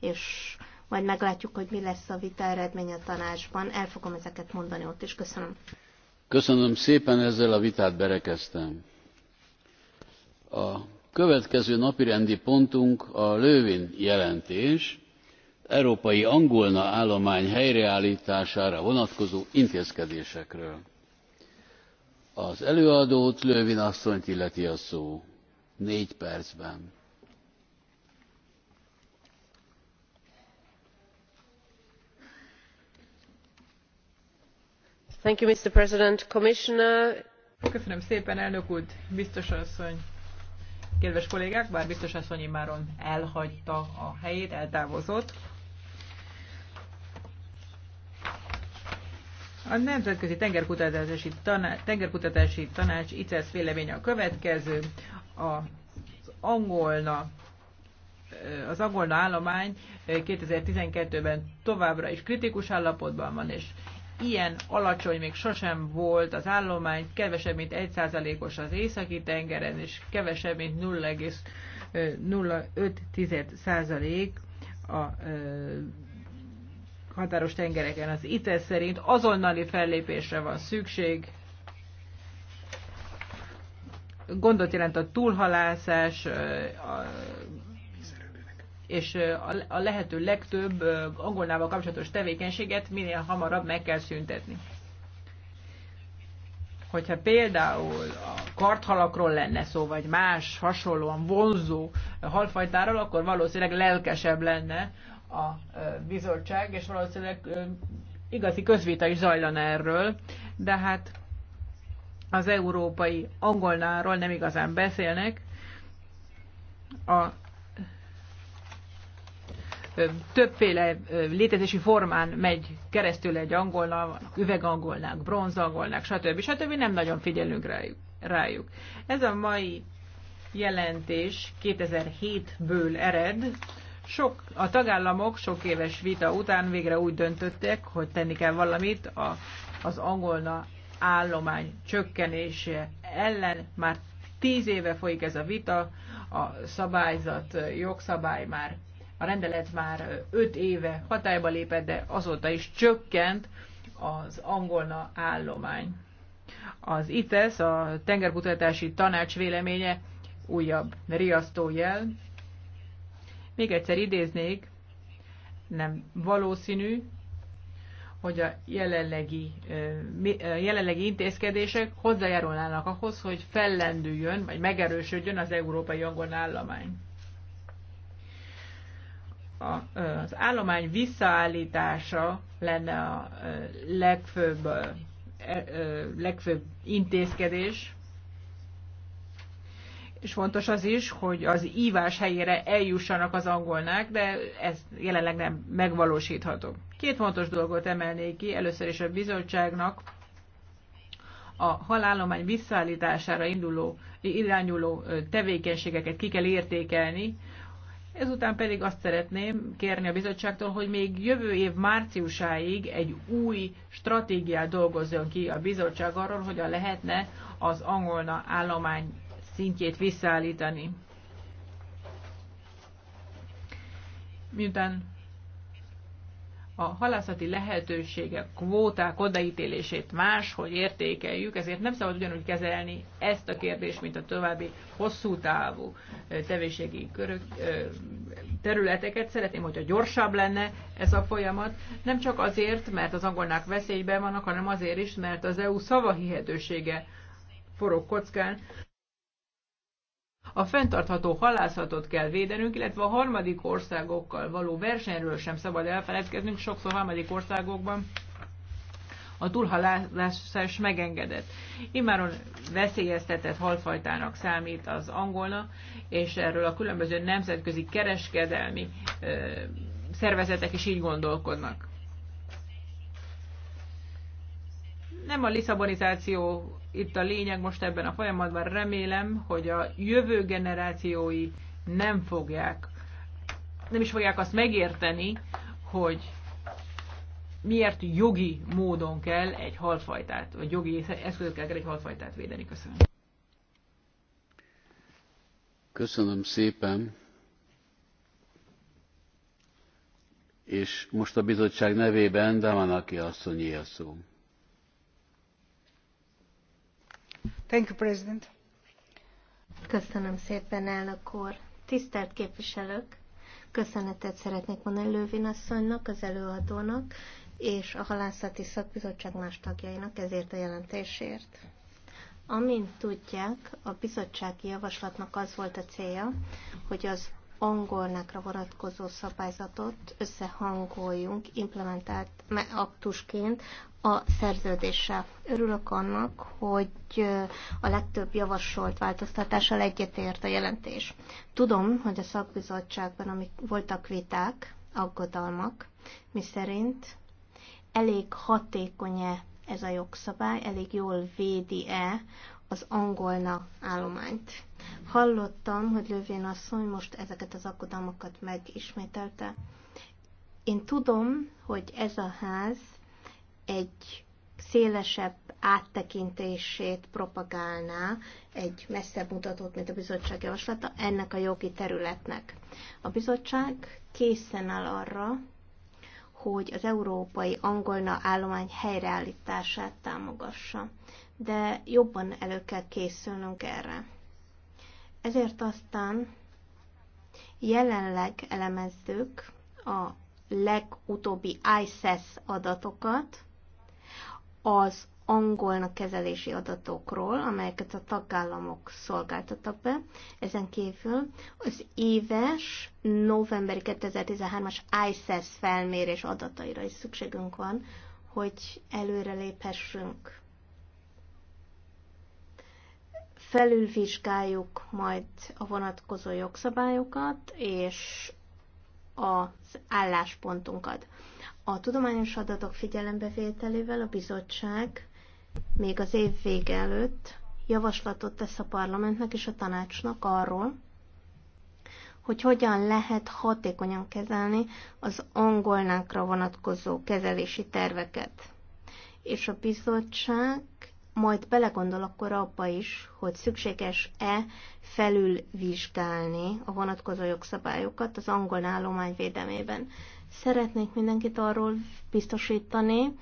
és majd meglátjuk, hogy mi lesz a vita eredmény a tanácsban. El fogom ezeket mondani ott is. Köszönöm. Köszönöm szépen, ezzel a vitát berekeztem. A következő napirendi pontunk a Lövin jelentés, európai angolna állomány helyreállítására vonatkozó intézkedésekről. Az előadót Lövin asszonyt illeti a szó. Négy percben. köszönöm szépen elnök úr biztos asszony kedves kollégák bár biztos asszony immáron elhagyta a helyét eltávozott a nemzetközi tengerkutatási tanács, tengerkutatási tanács ICESZ véleménye a következő az angolna az angolna állomány 2012-ben eh, továbbra is kritikus állapotban van, és ilyen alacsony még sosem volt az állomány, kevesebb, mint 1%-os az északi tengeren, és kevesebb, mint 0,05% a határos tengereken. Az ITES szerint azonnali fellépésre van szükség, gondot jelent a túlhalászás, a és a lehető legtöbb angolnával kapcsolatos tevékenységet minél hamarabb meg kell szüntetni. Hogyha például a karthalakról lenne szó, vagy más hasonlóan vonzó halfajtáról, akkor valószínűleg lelkesebb lenne a bizottság, és valószínűleg igazi közvita is zajlana erről, de hát az európai angolnáról nem igazán beszélnek. A többféle létezési formán megy keresztül egy angolnal, vannak üvegangolnák, bronzangolnák, stb. stb. nem nagyon figyelünk rájuk. Ez a mai jelentés 2007-ből ered, sok, a tagállamok sok éves vita után végre úgy döntöttek, hogy tenni kell valamit a, az angolna állomány csökkenése ellen. Már tíz éve folyik ez a vita, a szabályzat, jogszabály már a rendelet már 5 éve hatályba lépett, de azóta is csökkent az angolna állomány. Az ITES, a tengerkutatási tanács véleménye újabb jel. Még egyszer idéznék, nem valószínű, hogy a jelenlegi, jelenlegi intézkedések hozzájárulnának ahhoz, hogy fellendüljön, vagy megerősödjön az európai angol állomány a, az állomány visszaállítása lenne a legfőbb, e, legfőbb intézkedés, és fontos az is, hogy az ívás helyére eljussanak az angolnák, de ez jelenleg nem megvalósítható. Két fontos dolgot emelnék ki, először is a bizottságnak a halállomány visszaállítására induló, irányuló tevékenységeket ki kell értékelni, Ezután pedig azt szeretném kérni a bizottságtól, hogy még jövő év márciusáig egy új stratégiát dolgozzon ki a bizottság arról, hogyan lehetne az angolna állomány szintjét visszaállítani. Miután a halászati lehetőségek, kvóták odaítélését hogy értékeljük, ezért nem szabad ugyanúgy kezelni ezt a kérdést, mint a további hosszú távú tevéségi körök, területeket. Szeretném, hogyha gyorsabb lenne ez a folyamat, nem csak azért, mert az angolnák veszélyben vannak, hanem azért is, mert az EU szavahihetősége forog kockán. A fenntartható halászatot kell védenünk, illetve a harmadik országokkal való versenyről sem szabad elfeledkeznünk, sokszor harmadik országokban a túlhalászás megengedett. Imáron veszélyeztetett halfajtának számít az angolna, és erről a különböző nemzetközi kereskedelmi ö, szervezetek is így gondolkodnak. Nem a liszabonizáció itt a lényeg most ebben a folyamatban. Remélem, hogy a jövő generációi nem fogják, nem is fogják azt megérteni, hogy miért jogi módon kell egy halfajtát, vagy jogi eszközökkel kell egy halfajtát védeni. Köszönöm. Köszönöm szépen. És most a bizottság nevében Damanaki asszonyé a szó. Thank you, President. Köszönöm szépen, elnök úr. Tisztelt képviselők! Köszönetet szeretnék mondani Lővin asszonynak, az előadónak és a Halászati Szakbizottság más tagjainak ezért a jelentésért. Amint tudják, a bizottsági javaslatnak az volt a célja, hogy az angolnákra vonatkozó szabályzatot összehangoljunk implementált aktusként a szerződéssel. Örülök annak, hogy a legtöbb javasolt változtatással egyetért a jelentés. Tudom, hogy a szakbizottságban amik voltak viták, aggodalmak, miszerint elég hatékony-e ez a jogszabály, elég jól védi-e az angolna állományt. Hallottam, hogy Lövén asszony most ezeket az aggodalmakat megismételte. Én tudom, hogy ez a ház egy szélesebb áttekintését propagálná egy messzebb mutatót, mint a bizottság javaslata ennek a jogi területnek. A bizottság készen áll arra, hogy az európai angolna állomány helyreállítását támogassa, de jobban elő kell készülnünk erre. Ezért aztán jelenleg elemezzük a legutóbbi ISIS e adatokat, az angolnak kezelési adatokról, amelyeket a tagállamok szolgáltattak be. Ezen kívül az éves novemberi 2013-as ISIS felmérés adataira is szükségünk van, hogy előreléphessünk. Felülvizsgáljuk majd a vonatkozó jogszabályokat és az álláspontunkat. A tudományos adatok figyelembevételével a bizottság még az év vége előtt javaslatot tesz a parlamentnek és a tanácsnak arról, hogy hogyan lehet hatékonyan kezelni az angolnákra vonatkozó kezelési terveket. És a bizottság majd belegondol akkor abba is, hogy szükséges-e felülvizsgálni a vonatkozó jogszabályokat az angol állomány védelmében. Szeretnék mindenkit arról biztosítani,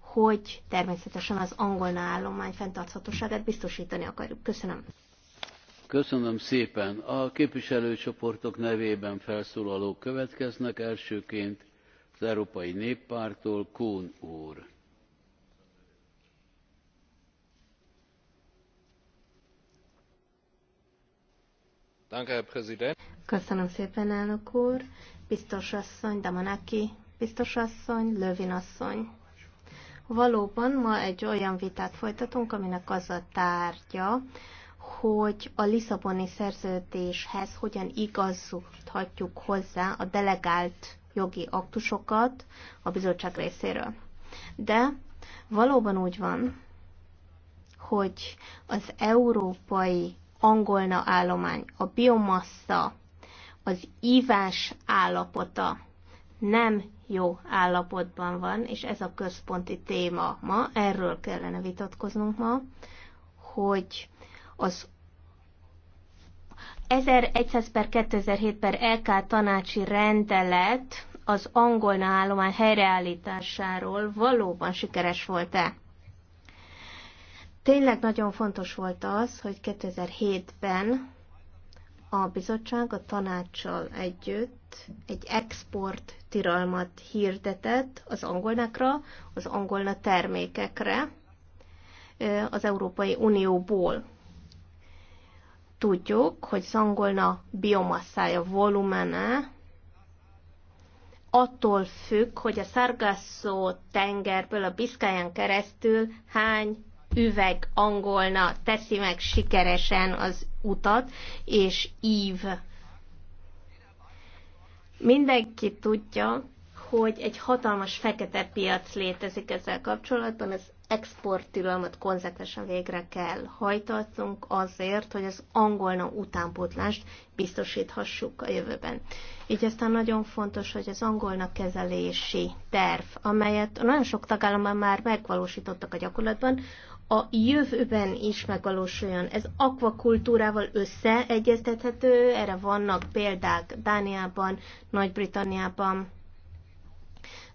hogy természetesen az angol állomány fenntarthatóságát biztosítani akarjuk. Köszönöm. Köszönöm szépen. A képviselőcsoportok nevében felszólalók következnek. Elsőként az Európai Néppártól Kún úr. Köszönöm szépen, elnök úr biztos asszony, Damanaki biztos asszony, Lövin asszony. Valóban ma egy olyan vitát folytatunk, aminek az a tárgya, hogy a Lisszaboni szerződéshez hogyan igazodhatjuk hozzá a delegált jogi aktusokat a bizottság részéről. De valóban úgy van, hogy az európai angolna állomány, a biomassa, az ívás állapota nem jó állapotban van, és ez a központi téma ma, erről kellene vitatkoznunk ma, hogy az 1100 per 2007 per LK tanácsi rendelet az angol állomány helyreállításáról valóban sikeres volt-e? Tényleg nagyon fontos volt az, hogy 2007-ben a bizottság a tanácssal együtt egy export tiralmat hirdetett az angolnakra, az angolna termékekre az Európai Unióból. Tudjuk, hogy az angolna biomasszája volumene attól függ, hogy a szargasszó tengerből a Biszkáján keresztül hány üveg angolna teszi meg sikeresen az utat, és ív. Mindenki tudja, hogy egy hatalmas fekete piac létezik ezzel kapcsolatban, az exporttilalmat konzekvensen végre kell hajtatnunk azért, hogy az angolna utánpótlást biztosíthassuk a jövőben. Így aztán nagyon fontos, hogy az angolna kezelési terv, amelyet nagyon sok tagállamban már megvalósítottak a gyakorlatban, a jövőben is megvalósuljon. Ez akvakultúrával összeegyeztethető, erre vannak példák Dániában, Nagy-Britanniában.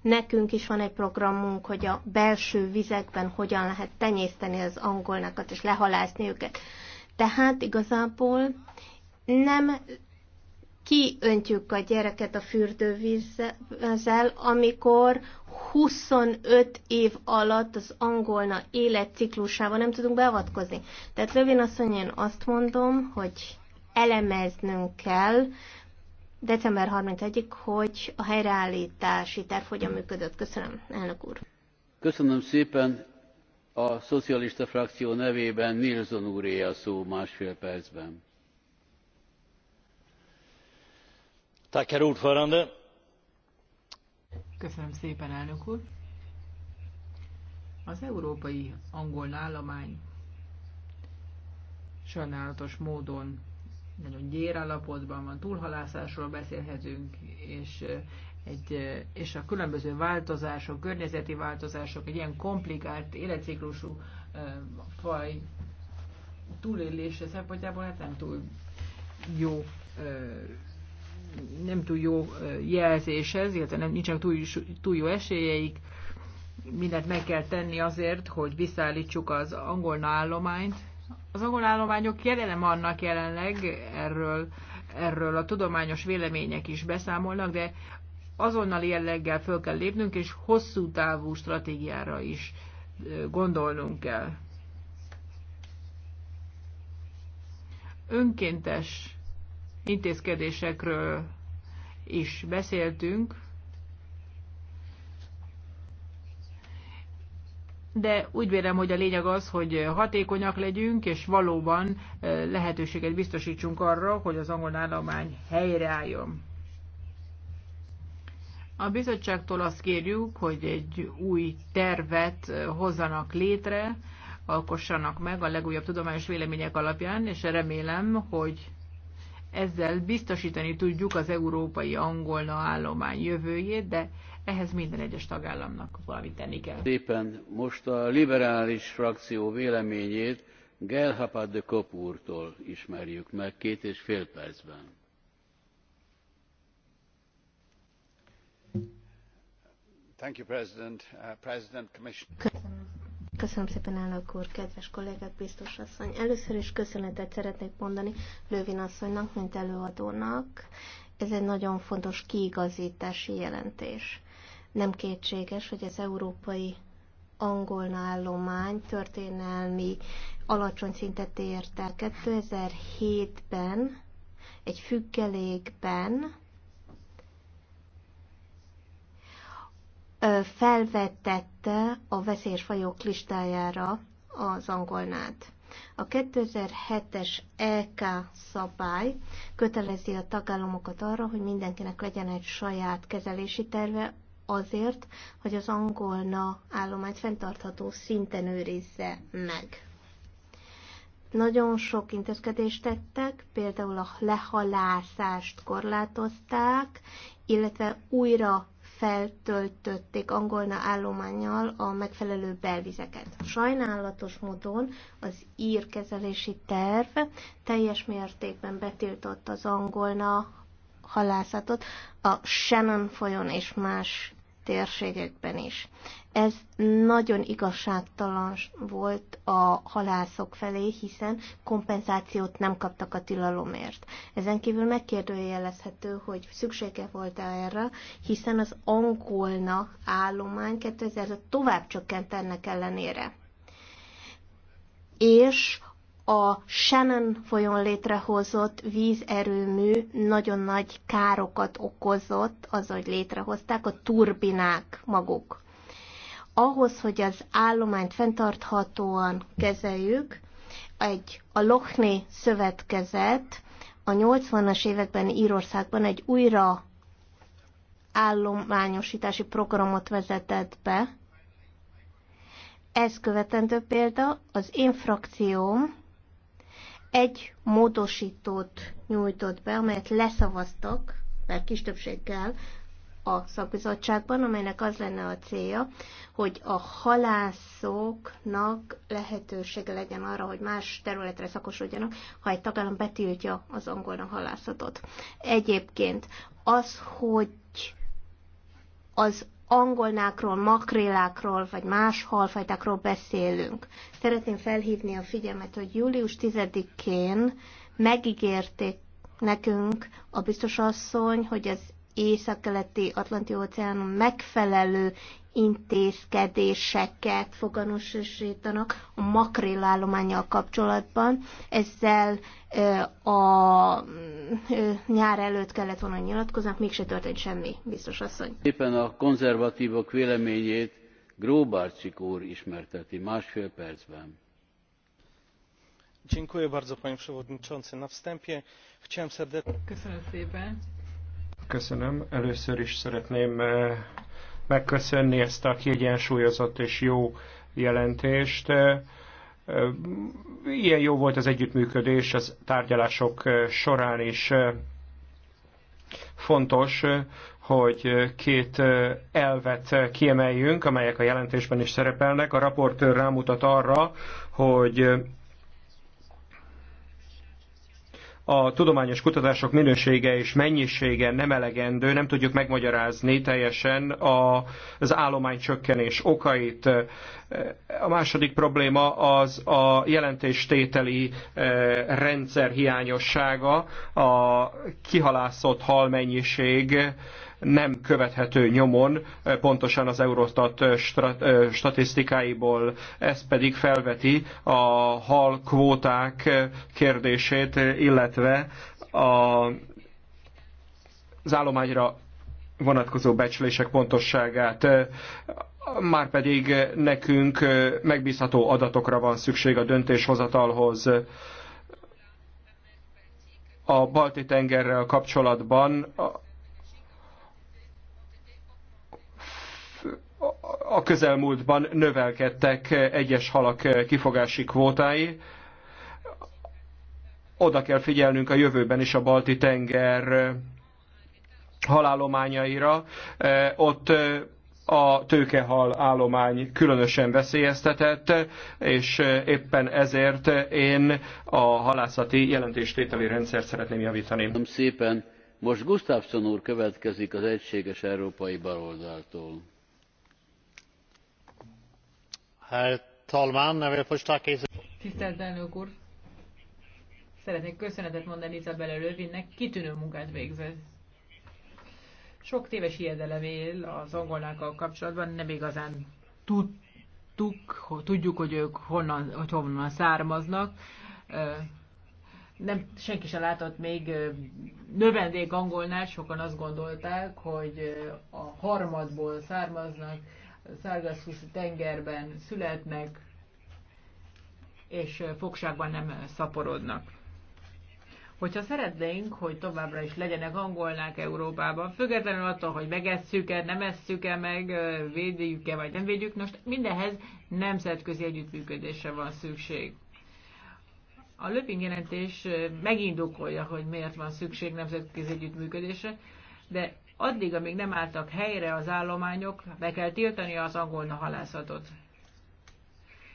Nekünk is van egy programunk, hogy a belső vizekben hogyan lehet tenyészteni az angolnakat és lehalászni őket. Tehát igazából nem kiöntjük a gyereket a fürdővízzel, amikor 25 év alatt az angolna életciklusába nem tudunk beavatkozni. Tehát Lövén asszony, én azt mondom, hogy elemeznünk kell december 31-ig, hogy a helyreállítási terv hogyan működött. Köszönöm, elnök úr. Köszönöm szépen. A szocialista frakció nevében Nilsson úré a szó másfél percben. Tack, herr Köszönöm szépen, elnök úr. Az európai angol állomány sajnálatos módon nagyon gyér állapotban van, túlhalászásról beszélhetünk, és, eh, egy, eh, és a különböző változások, környezeti változások, egy ilyen komplikált életciklusú eh, faj túlélése szempontjából hát nem túl jó nem túl jó jelzés ez, illetve nem, nincsenek túl, túl jó esélyeik. Mindent meg kell tenni azért, hogy visszaállítsuk az angol állományt. Az angol állományok jelenem annak jelenleg, erről, erről a tudományos vélemények is beszámolnak, de azonnal jelleggel föl kell lépnünk, és hosszú távú stratégiára is gondolnunk kell. Önkéntes intézkedésekről is beszéltünk, de úgy vélem, hogy a lényeg az, hogy hatékonyak legyünk, és valóban lehetőséget biztosítsunk arra, hogy az angol állomány helyreálljon. A bizottságtól azt kérjük, hogy egy új tervet hozzanak létre, alkossanak meg a legújabb tudományos vélemények alapján, és remélem, hogy ezzel biztosítani tudjuk az európai angolna állomány jövőjét, de ehhez minden egyes tagállamnak valamit tenni kell. Éppen most a liberális frakció véleményét Gelhapad de Kopúrtól ismerjük meg két és fél percben. Thank you, President. Uh, President Commissioner. Köszönöm szépen, elnök úr, kedves kollégák, biztos asszony. Először is köszönetet szeretnék mondani Lövin asszonynak, mint előadónak. Ez egy nagyon fontos kiigazítási jelentés. Nem kétséges, hogy az európai angolna állomány történelmi alacsony szintet ért el 2007-ben, egy függelékben, felvetette a veszélyes fajok listájára az angolnát. A 2007-es EK szabály kötelezi a tagállamokat arra, hogy mindenkinek legyen egy saját kezelési terve azért, hogy az angolna állományt fenntartható szinten őrizze meg. Nagyon sok intézkedést tettek, például a lehalászást korlátozták, illetve újra feltöltötték angolna állományjal a megfelelő belvizeket. Sajnálatos módon az ír kezelési terv teljes mértékben betiltott az angolna halászatot a Shannon folyón és más térségekben is. Ez nagyon igazságtalan volt a halászok felé, hiszen kompenzációt nem kaptak a tilalomért. Ezen kívül megkérdőjelezhető, hogy szüksége volt -e erre, hiszen az angolna állomány 2000-re tovább csökkent ennek ellenére. És a Shannon folyón létrehozott vízerőmű nagyon nagy károkat okozott az, hogy létrehozták a turbinák maguk ahhoz, hogy az állományt fenntarthatóan kezeljük, egy, a Lochné szövetkezet a 80-as években Írországban egy újra állományosítási programot vezetett be. Ez követendő példa, az én frakcióm egy módosítót nyújtott be, amelyet leszavaztak, mert kis többséggel a szakbizottságban, amelynek az lenne a célja, hogy a halászoknak lehetősége legyen arra, hogy más területre szakosodjanak, ha egy tagállam betiltja az angol halászatot. Egyébként az, hogy az angolnákról, makrélákról, vagy más halfajtákról beszélünk. Szeretném felhívni a figyelmet, hogy július 10-én megígérték nekünk a biztos asszony, hogy az északkeleti Atlanti óceánon megfelelő intézkedéseket foganosítanak a állományjal kapcsolatban. Ezzel a nyár előtt kellett volna nyilatkoznak, mégse történt semmi, biztos asszony. Éppen a konzervatívok véleményét Gróbárcik úr ismerteti másfél percben. Dziękuję bardzo, panie przewodniczący. Na wstępie chciałem serdecznie... Köszönöm szépen. Köszönöm. Először is szeretném eh, megköszönni ezt a kiegyensúlyozott és jó jelentést. Eh, eh, ilyen jó volt az együttműködés az tárgyalások során is. Fontos, hogy két elvet kiemeljünk, amelyek a jelentésben is szerepelnek. A raportőr rámutat arra, hogy a tudományos kutatások minősége és mennyisége nem elegendő, nem tudjuk megmagyarázni teljesen az állomány csökkenés okait. A második probléma az a jelentéstételi eh, rendszer hiányossága, a kihalászott halmennyiség nem követhető nyomon, eh, pontosan az Eurostat eh, statisztikáiból. Ez pedig felveti a hal kvóták kérdését, illetve a, az állományra vonatkozó becslések pontosságát márpedig eh, nekünk eh, megbízható adatokra van szükség a döntéshozatalhoz. A balti tengerrel kapcsolatban a közelmúltban növelkedtek egyes halak kifogási kvótái. Oda kell figyelnünk a jövőben is a balti tenger eh, halálományaira. Ott a tőkehal állomány különösen veszélyeztetett, és éppen ezért én a halászati jelentéstételi rendszert szeretném javítani. Köszönöm szépen. Most Gustafsson úr következik az Egységes Európai Baloldaltól. Herr talman, jag er vill Tisztelt elnök úr! Szeretnék köszönetet mondani Izabella Lövinnek, kitűnő munkát végzett sok téves hiedelem él az angolnákkal kapcsolatban, nem igazán tudtuk, hogy tudjuk, hogy ők honnan, hogy honnan származnak. Nem, senki sem látott még növendék angolnál, sokan azt gondolták, hogy a harmadból származnak, szárgaszfuszi tengerben születnek, és fogságban nem szaporodnak. Hogyha szeretnénk, hogy továbbra is legyenek angolnák Európában, függetlenül attól, hogy megesszük-e, nem esszük-e meg, védjük-e vagy nem védjük, most mindenhez nemzetközi együttműködésre van szükség. A Löping jelentés megindokolja, hogy miért van szükség nemzetközi együttműködésre, de addig, amíg nem álltak helyre az állományok, be kell tiltani az angolna halászatot.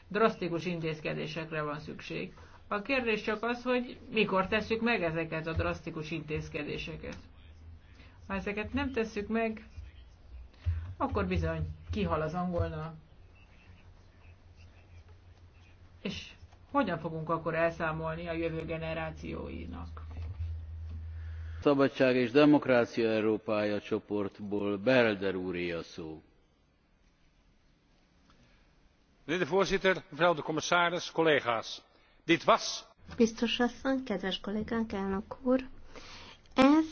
Drasztikus intézkedésekre van szükség. A kérdés csak az, hogy mikor tesszük meg ezeket a drasztikus intézkedéseket. Ha ezeket nem tesszük meg, akkor bizony kihal az angolna. És hogyan fogunk akkor elszámolni a jövő generációinak? Szabadság és Demokrácia Európája csoportból Belder úré a szó. Meneer de voorzitter, mevrouw de commissaris, collega's. Dit was. Biztos asszony, kedves kollégánk, elnök úr. Ez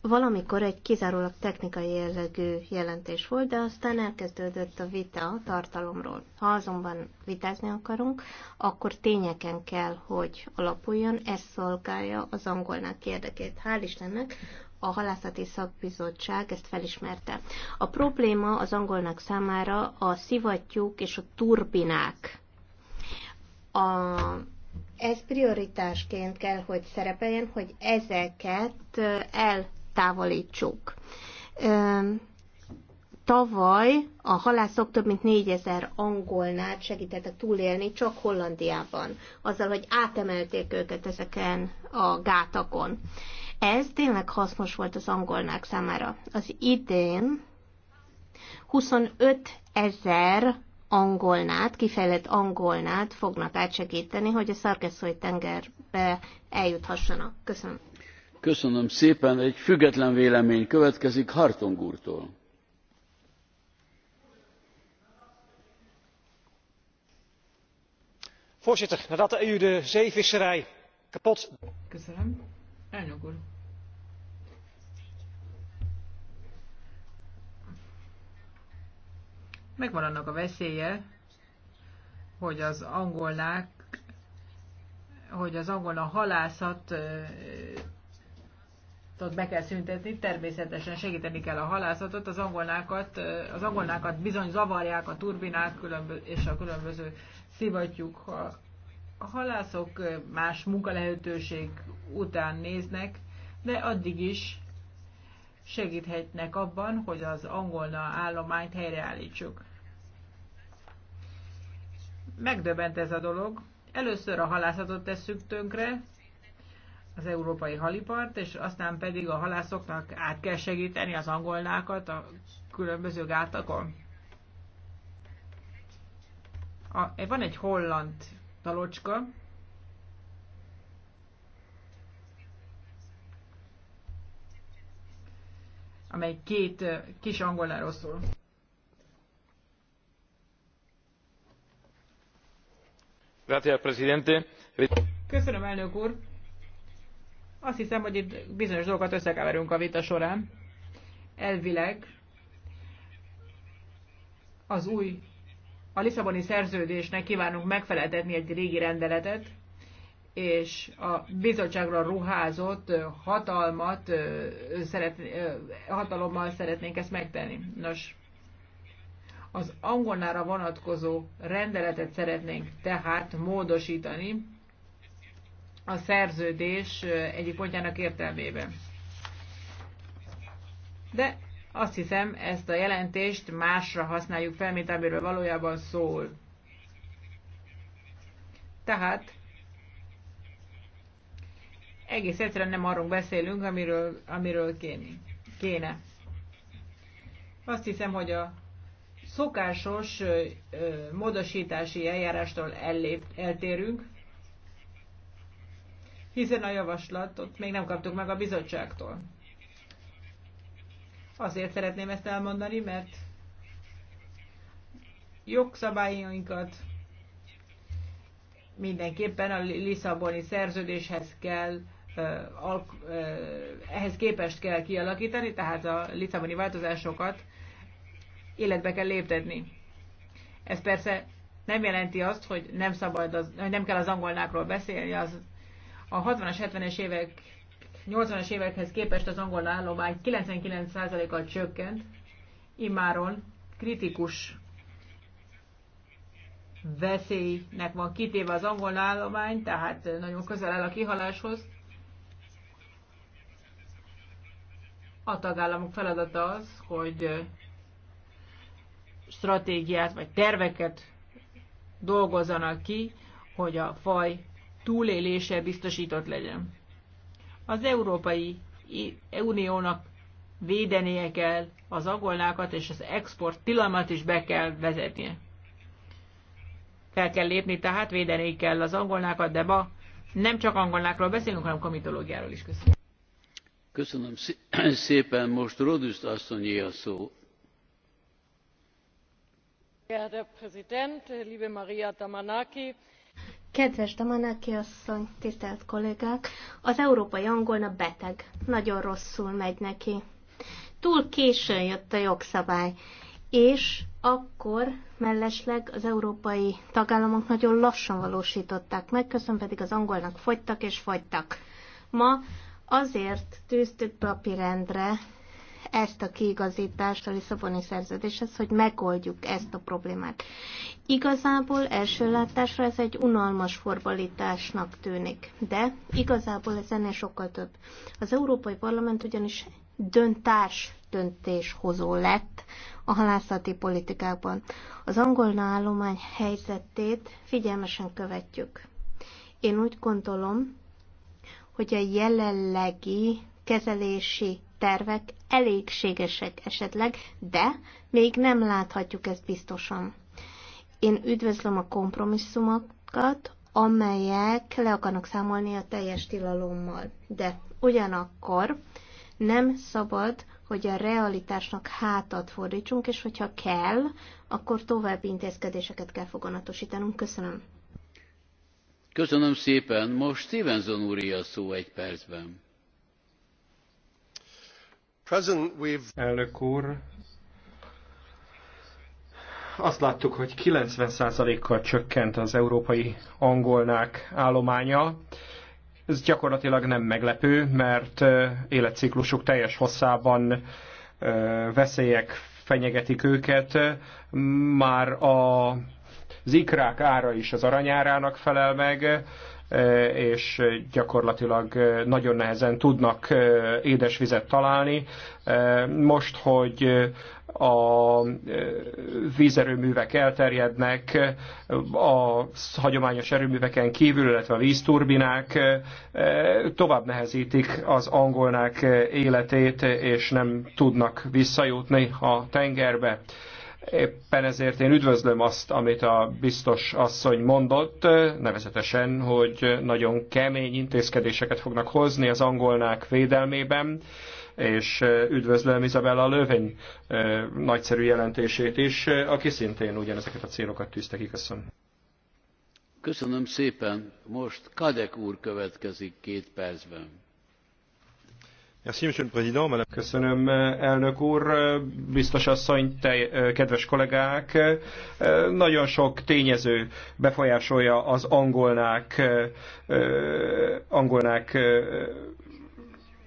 valamikor egy kizárólag technikai jellegű jelentés volt, de aztán elkezdődött a vita a tartalomról. Ha azonban vitázni akarunk, akkor tényeken kell, hogy alapuljon, ez szolgálja az angolnak érdekét. Hál' Istennek, a halászati szakbizottság ezt felismerte. A probléma az angolnak számára a szivattyúk és a turbinák. A ez prioritásként kell, hogy szerepeljen, hogy ezeket eltávolítsuk. Tavaly a halászok több mint 4000 angolnát segítettek túlélni csak Hollandiában, azzal, hogy átemelték őket ezeken a gátakon. Ez tényleg hasznos volt az angolnák számára. Az idén 25 ezer angolnát, kifejlett angolnát fognak átsegíteni, hogy a szarkeszói tengerbe eljuthassanak. Köszönöm. Köszönöm szépen. Egy független vélemény következik Hartong úrtól. Voorzitter, nadat de EU de zeevisserij kapot... Köszönöm. Elnök úr, megvan annak a veszélye, hogy az angolnák, hogy az angol a halászat be kell szüntetni, természetesen segíteni kell a halászatot, az angolnákat, az angolnákat bizony zavarják a turbinák és a különböző szivattyúk. Ha a halászok más munkalehetőség után néznek, de addig is segíthetnek abban, hogy az angolna állományt helyreállítsuk. Megdöbent ez a dolog. Először a halászatot tesszük tönkre, az európai halipart, és aztán pedig a halászoknak át kell segíteni az angolnákat a különböző gátakon. A, van egy holland talocska, amely két kis angoláról szól. Köszönöm, elnök úr! Azt hiszem, hogy itt bizonyos dolgokat összekeverünk a vita során. Elvileg az új, a Lisszaboni szerződésnek kívánunk megfeleltetni egy régi rendeletet, és a bizottságra ruházott hatalmat szeret, hatalommal szeretnénk ezt megtenni. Nos, az angolnára vonatkozó rendeletet szeretnénk tehát módosítani a szerződés egyik pontjának értelmében. De azt hiszem, ezt a jelentést másra használjuk fel, mint amiről valójában szól. Tehát egész egyszerűen nem arról beszélünk, amiről, amiről kéne. Azt hiszem, hogy a szokásos módosítási eljárástól ellép, eltérünk, hiszen a javaslatot még nem kaptuk meg a bizottságtól. Azért szeretném ezt elmondani, mert jogszabályainkat mindenképpen a Lisszaboni szerződéshez kell ehhez képest kell kialakítani, tehát a liszaboni változásokat életbe kell léptetni. Ez persze nem jelenti azt, hogy nem, szabad az, hogy nem kell az angolnákról beszélni. Az, a 60-as, 70-es évek, 80-as évekhez képest az angol állomány 99%-kal csökkent, immáron kritikus veszélynek van kitéve az angol állomány, tehát nagyon közel áll a kihaláshoz. a tagállamok feladata az, hogy stratégiát vagy terveket dolgozzanak ki, hogy a faj túlélése biztosított legyen. Az Európai Uniónak védenie kell az agolnákat, és az export tilalmat is be kell vezetnie. Fel kell lépni, tehát védeni kell az angolnákat, de ma nem csak angolnákról beszélünk, hanem komitológiáról is. Köszönöm. Köszönöm szépen, most Rodüst asszonyé a szó. Kedves Damanaki asszony, tisztelt kollégák, az európai angolna beteg, nagyon rosszul megy neki. Túl későn jött a jogszabály, és akkor mellesleg az európai tagállamok nagyon lassan valósították meg, köszön pedig az angolnak fogytak és fogytak. Ma Azért tűztük napirendre ezt a kiigazítást a Lisszaboni szerződéshez, hogy megoldjuk ezt a problémát. Igazából első látásra ez egy unalmas forbalításnak tűnik, de igazából ez ennél sokkal több. Az Európai Parlament ugyanis döntárs döntéshozó lett a halászati politikában. Az angol állomány helyzetét figyelmesen követjük. Én úgy gondolom, hogy a jelenlegi kezelési tervek elégségesek esetleg, de még nem láthatjuk ezt biztosan. Én üdvözlöm a kompromisszumokat, amelyek le akarnak számolni a teljes tilalommal. De ugyanakkor nem szabad, hogy a realitásnak hátat fordítsunk, és hogyha kell, akkor további intézkedéseket kell foganatosítanunk. Köszönöm. Köszönöm szépen. Most Stevenson úr a szó egy percben. Elnök úr, azt láttuk, hogy 90%-kal csökkent az európai angolnák állománya. Ez gyakorlatilag nem meglepő, mert életciklusuk teljes hosszában veszélyek fenyegetik őket. Már a az ikrák ára is az aranyárának felel meg, e, és gyakorlatilag e, nagyon nehezen tudnak e, édesvizet találni. Most, hogy a vízerőművek elterjednek, a hagyományos erőműveken kívül, illetve a vízturbinák tovább nehezítik az angolnák életét, és nem tudnak visszajutni a tengerbe. Éppen ezért én üdvözlöm azt, amit a biztos asszony mondott, nevezetesen, hogy nagyon kemény intézkedéseket fognak hozni az angolnák védelmében, és üdvözlöm Izabella Lövény nagyszerű jelentését is, aki szintén ugyanezeket a célokat tűzte ki. Köszönöm. Köszönöm szépen. Most Kadek úr következik két percben. Köszönöm, elnök úr, biztos asszony, te, kedves kollégák. Nagyon sok tényező befolyásolja az angolnák, angolnák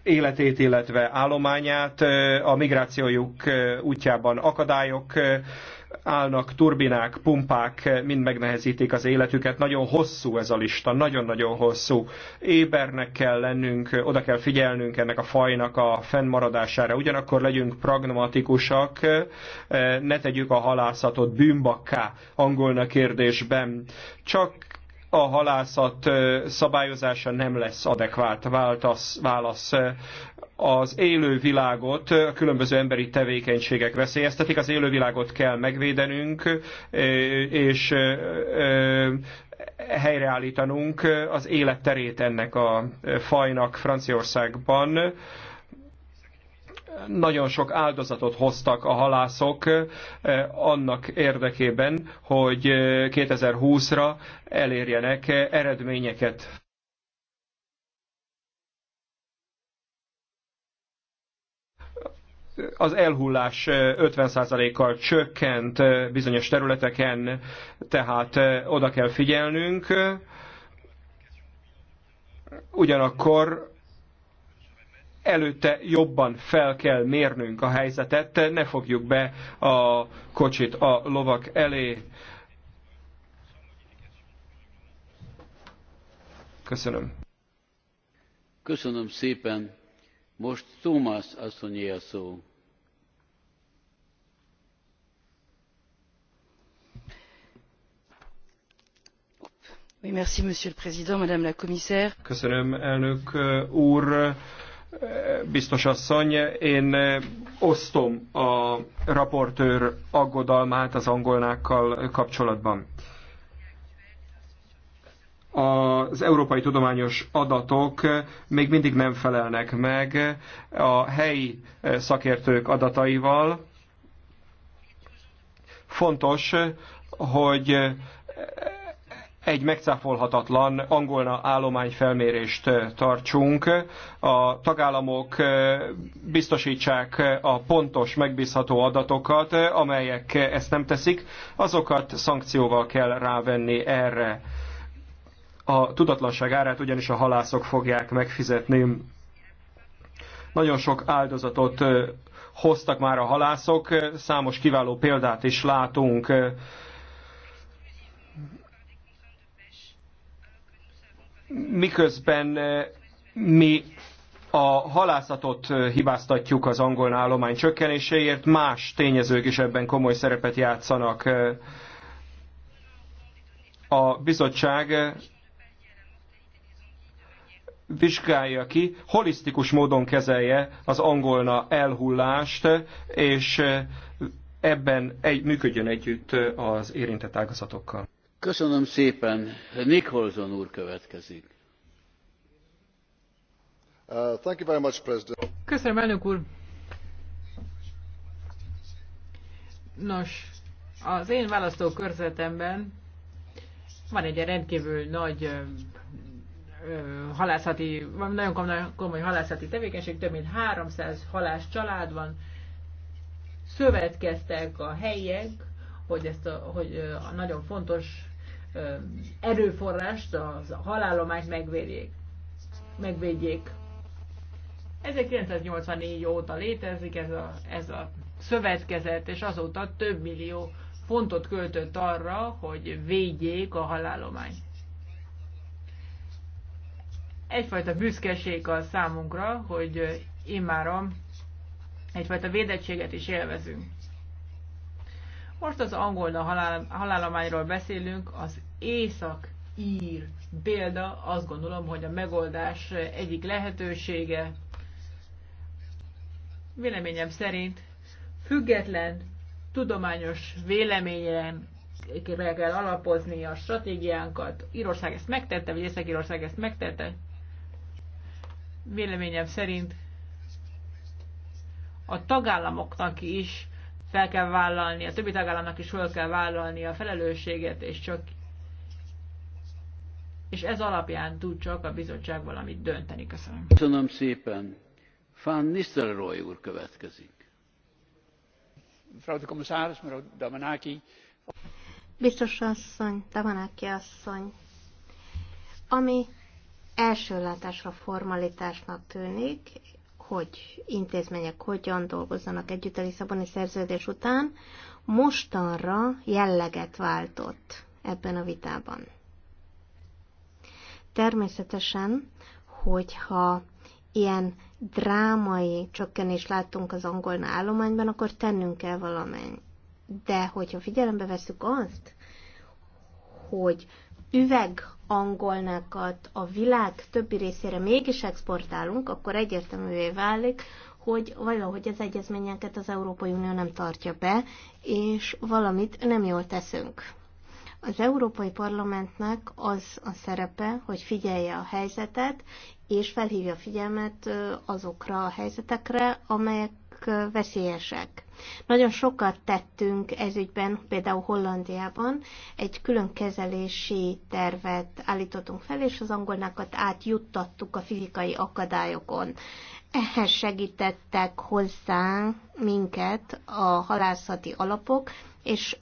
életét, illetve állományát, a migrációjuk útjában akadályok állnak turbinák, pumpák, mind megnehezítik az életüket. Nagyon hosszú ez a lista, nagyon-nagyon hosszú. Ébernek kell lennünk, oda kell figyelnünk ennek a fajnak a fennmaradására. Ugyanakkor legyünk pragmatikusak, ne tegyük a halászatot bűnbakká angolna kérdésben. Csak a halászat szabályozása nem lesz adekvát válasz az élővilágot, a különböző emberi tevékenységek veszélyeztetik, az élővilágot kell megvédenünk, és helyreállítanunk az életterét ennek a fajnak Franciaországban nagyon sok áldozatot hoztak a halászok annak érdekében, hogy 2020-ra elérjenek eredményeket. az elhullás 50%-kal csökkent bizonyos területeken, tehát oda kell figyelnünk. Ugyanakkor előtte jobban fel kell mérnünk a helyzetet, ne fogjuk be a kocsit a lovak elé. Köszönöm. Köszönöm szépen. Most Thomas asszonyé a szó. monsieur le président, madame la commissaire. Köszönöm, elnök úr biztos asszony, én osztom a raportőr aggodalmát az angolnákkal kapcsolatban. Az európai tudományos adatok még mindig nem felelnek meg a helyi szakértők adataival. Fontos, hogy egy megcáfolhatatlan angolna állományfelmérést eh, tartsunk. A tagállamok eh, biztosítsák eh, a pontos, megbízható adatokat, amelyek ezt nem teszik, azokat szankcióval kell rávenni erre. A tudatlanság árát ugyanis a halászok fogják megfizetni. Nagyon sok áldozatot hoztak már a halászok, számos kiváló példát is látunk miközben eh, mi a halászatot eh, hibáztatjuk az angol állomány csökkenéséért, más tényezők is ebben komoly szerepet játszanak. Eh, a bizottság vizsgálja ki, holisztikus módon kezelje az angolna elhullást, és ebben egy, működjön együtt az érintett ágazatokkal. Köszönöm szépen. Nicholson úr következik. Uh, thank you very much, President. Köszönöm, elnök úr. Nos, az én választókörzetemben van egy rendkívül nagy ö, ö, halászati, nagyon komoly, komoly halászati tevékenység, több mint 300 halász család van. Szövetkeztek a helyiek, hogy, ezt a, hogy a nagyon fontos erőforrást, a halállományt megvédjék. megvédjék. 1984 óta létezik ez a, ez a szövetkezet, és azóta több millió fontot költött arra, hogy védjék a halálomány. Egyfajta büszkeség a számunkra, hogy immáron egyfajta védettséget is élvezünk. Most az angol halál, halálományról beszélünk, az észak-ír példa, azt gondolom, hogy a megoldás egyik lehetősége. Véleményem szerint független tudományos véleményen kell alapozni a stratégiánkat. Írország ezt megtette, vagy Észak-Írország ezt megtette. Véleményem szerint a tagállamoknak is fel kell vállalni, a többi tagállamnak is fel kell vállalni a felelősséget, és csak és ez alapján tud csak a bizottság valamit dönteni. Köszönöm. Köszönöm szépen. Fán Nistelrooy úr következik. Frau de commissaris, mevrouw Damanaki. Biztos asszony, Damanaki asszony. Ami első látásra formalitásnak tűnik, hogy intézmények hogyan dolgozzanak együtt a Lisszaboni szerződés után, mostanra jelleget váltott ebben a vitában. Természetesen, hogyha ilyen drámai csökkenést látunk az angol állományban, akkor tennünk kell valamennyi. De hogyha figyelembe veszük azt, hogy üveg angolnákat a világ többi részére mégis exportálunk, akkor egyértelművé válik, hogy valahogy az egyezményeket az Európai Unió nem tartja be, és valamit nem jól teszünk. Az Európai Parlamentnek az a szerepe, hogy figyelje a helyzetet, és felhívja a figyelmet azokra a helyzetekre, amelyek veszélyesek. Nagyon sokat tettünk ezügyben, például Hollandiában egy külön kezelési tervet állítottunk fel, és az angolnákat átjuttattuk a fizikai akadályokon. Ehhez segítettek hozzá minket a halászati alapok, és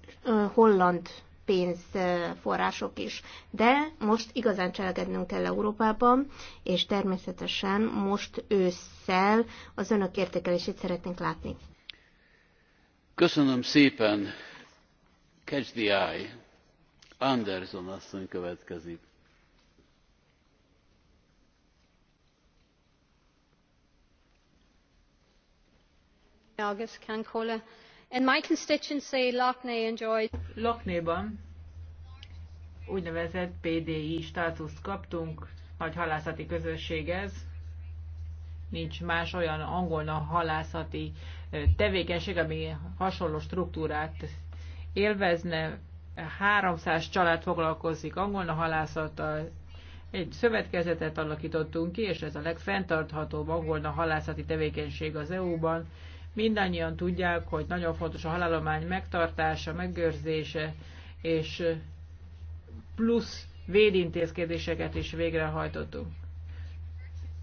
holland pénzforrások is. De most igazán cselekednünk kell Európában, és természetesen most ősszel az önök értékelését szeretnénk látni. Köszönöm szépen. Catch the eye. Anderson asszony következik. August Kankola. In my constituency, Lockney enjoys... Lockneyban úgynevezett PDI státuszt kaptunk, nagy halászati közösség ez, nincs más olyan angolna halászati tevékenység, ami hasonló struktúrát élvezne. 300 család foglalkozik angolna halászattal, egy szövetkezetet alakítottunk ki, és ez a legfenntarthatóbb angolna halászati tevékenység az EU-ban. Mindannyian tudják, hogy nagyon fontos a halálomány megtartása, megőrzése, és plusz védintézkedéseket is végrehajtottunk.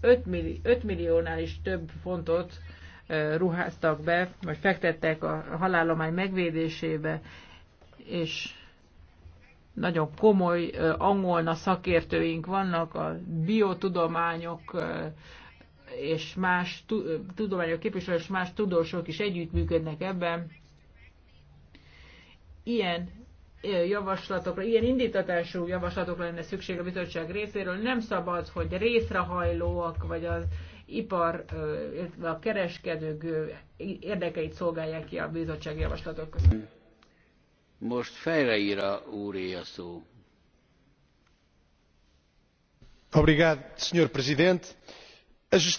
5, milli, 5 milliónál is több fontot ruháztak be, vagy fektettek a halálomány megvédésébe, és nagyon komoly angolna szakértőink vannak, a biotudományok és más tudományok képviselők és más tudósok is együttműködnek ebben. Ilyen javaslatokra, ilyen indítatású javaslatokra lenne szükség a bizottság részéről. Nem szabad, hogy részrehajlóak, vagy az ipar, a kereskedők érdekeit szolgálják ki a bizottság javaslatok között. Most Ferreira úré a szó. Obrigado, Sr. Presidente az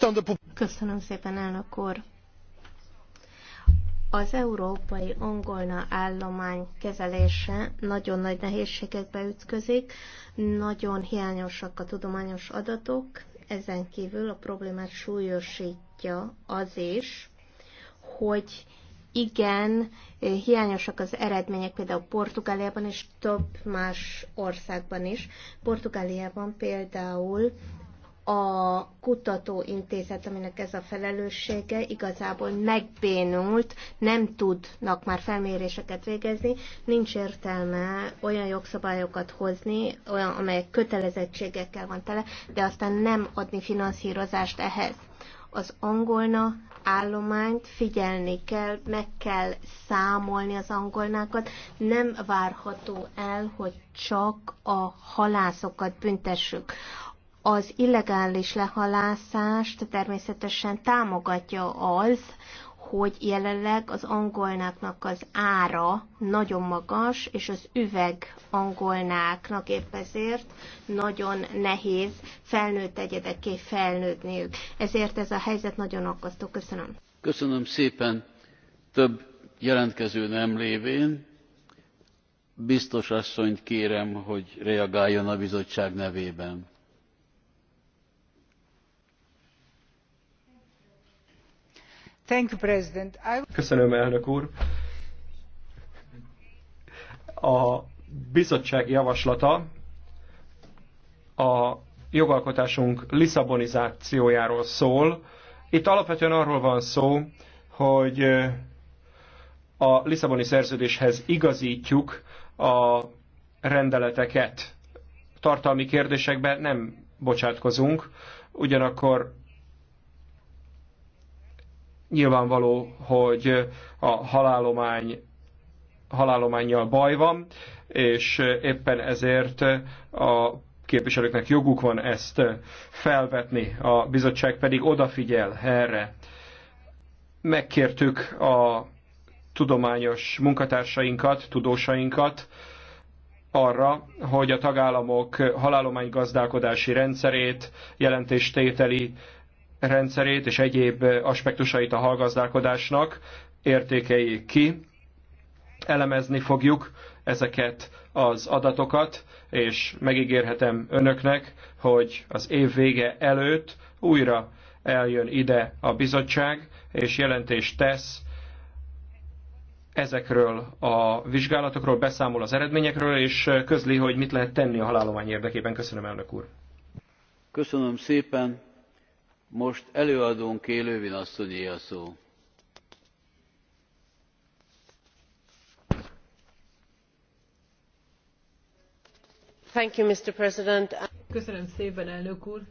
európai angolna állomány kezelése nagyon nagy nehézségekbe ütközik, nagyon hiányosak a tudományos adatok, ezen kívül a problémát súlyosítja az is, hogy igen, hiányosak az eredmények például Portugáliában és több más országban is. Portugáliában például a kutatóintézet, aminek ez a felelőssége, igazából megbénult, nem tudnak már felméréseket végezni, nincs értelme olyan jogszabályokat hozni, olyan, amelyek kötelezettségekkel van tele, de aztán nem adni finanszírozást ehhez. Az angolna állományt figyelni kell, meg kell számolni az angolnákat. Nem várható el, hogy csak a halászokat büntessük az illegális lehalászást természetesen támogatja az, hogy jelenleg az angolnáknak az ára nagyon magas, és az üveg angolnáknak épp ezért nagyon nehéz felnőtt egyedeké felnődniük. Ezért ez a helyzet nagyon aggasztó. Köszönöm. Köszönöm szépen több jelentkező nem lévén. Biztos asszonyt kérem, hogy reagáljon a bizottság nevében. Köszönöm, elnök úr. A bizottság javaslata a jogalkotásunk liszabonizációjáról szól. Itt alapvetően arról van szó, hogy a Lisszaboni szerződéshez igazítjuk a rendeleteket. Tartalmi kérdésekben nem bocsátkozunk, ugyanakkor Nyilvánvaló, hogy a halálomány, halálományjal baj van, és éppen ezért a képviselőknek joguk van ezt felvetni, a bizottság pedig odafigyel erre. Megkértük a tudományos munkatársainkat, tudósainkat arra, hogy a tagállamok gazdálkodási rendszerét, jelentéstételi rendszerét és egyéb aspektusait a hallgazdálkodásnak értékeljék ki. Elemezni fogjuk ezeket az adatokat, és megígérhetem önöknek, hogy az év vége előtt újra eljön ide a bizottság, és jelentést tesz ezekről a vizsgálatokról, beszámol az eredményekről, és közli, hogy mit lehet tenni a halálomány érdekében. Köszönöm, elnök úr! Köszönöm szépen! Most előadónké kélővin asszonyé a szó. Thank you, Mr. President. Köszönöm szépen, elnök úr.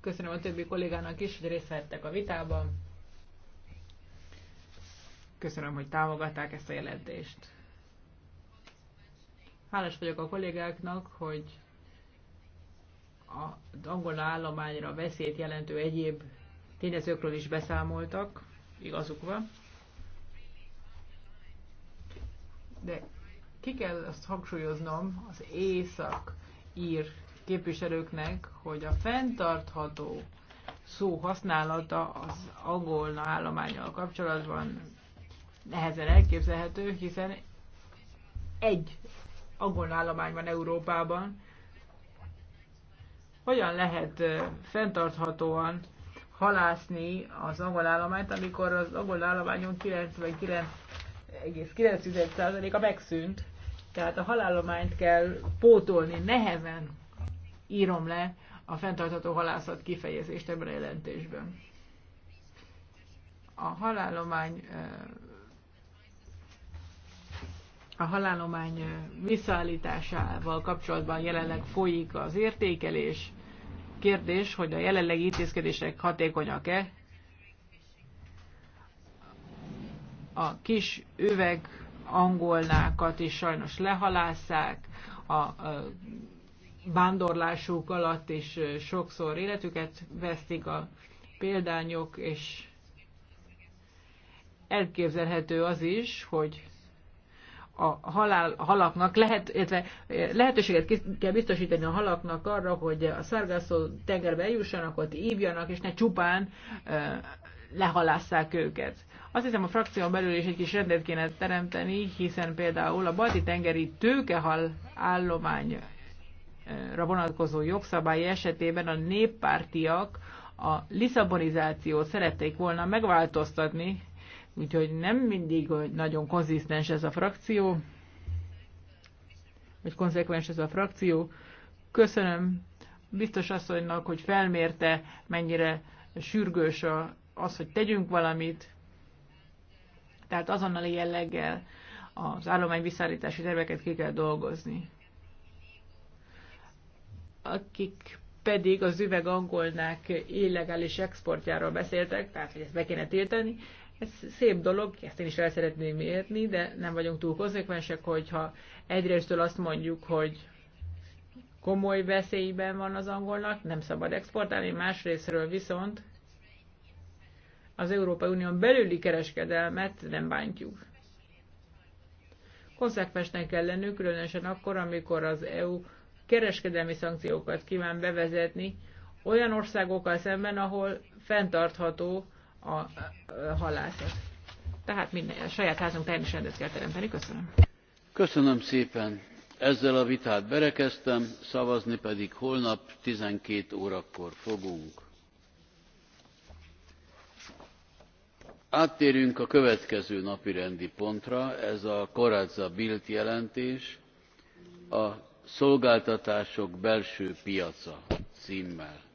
Köszönöm a többi kollégának is, hogy részt vettek a vitában. Köszönöm, hogy támogatták ezt a jelentést. Hálás vagyok a kollégáknak, hogy az angol állományra veszélyt jelentő egyéb tényezőkről is beszámoltak, igazuk van. De ki kell azt hangsúlyoznom az észak-ír képviselőknek, hogy a fenntartható szó használata az angolna állományjal kapcsolatban nehezen elképzelhető, hiszen egy angol állomány van Európában, hogyan lehet fenntarthatóan halászni az angol állományt, amikor az angol állományon 99,9%-a megszűnt. Tehát a halállományt kell pótolni, nehezen írom le a fenntartható halászat kifejezést ebben a jelentésben. A halállomány a halálomány visszaállításával kapcsolatban jelenleg folyik az értékelés. Kérdés, hogy a jelenlegi intézkedések hatékonyak-e? A kis üveg angolnákat is sajnos lehalásszák, a vándorlásuk alatt is sokszor életüket vesztik a példányok, és elképzelhető az is, hogy a halál, a halaknak lehet, illetve eh, lehetőséget kell biztosítani a halaknak arra, hogy a szargászó tengerbe eljussanak, ott ívjanak, és ne csupán eh, lehalásszák őket. Azt hiszem a frakción belül is egy kis rendet kéne teremteni, hiszen például a balti tengeri tőkehal állományra vonatkozó jogszabály esetében a néppártiak a liszabonizációt szerették volna megváltoztatni, úgyhogy nem mindig nagyon konzisztens ez a frakció, vagy konzekvens ez a frakció. Köszönöm biztos asszonynak, hogy felmérte, mennyire sürgős a, az, hogy tegyünk valamit, tehát azonnali jelleggel az állomány visszaállítási terveket ki kell dolgozni. Akik pedig az angolnák illegális exportjáról beszéltek, tehát hogy ezt be kéne tiltani, ez szép dolog, ezt én is el szeretném érni, de nem vagyunk túl konzekvensek, hogyha egyrésztől azt mondjuk, hogy komoly veszélyben van az angolnak, nem szabad exportálni, másrésztről viszont az Európai Unión belüli kereskedelmet nem bántjuk. Konzekvensnek kell lennünk, különösen akkor, amikor az EU kereskedelmi szankciókat kíván bevezetni olyan országokkal szemben, ahol fenntartható a, a halászat. Tehát minden, a saját házunk táján rendet kell teremteni. Köszönöm. Köszönöm szépen. Ezzel a vitát berekeztem, szavazni pedig holnap 12 órakor fogunk. áttérünk a következő napirendi pontra ez a Koradza bilt jelentés a szolgáltatások belső piaca címmel.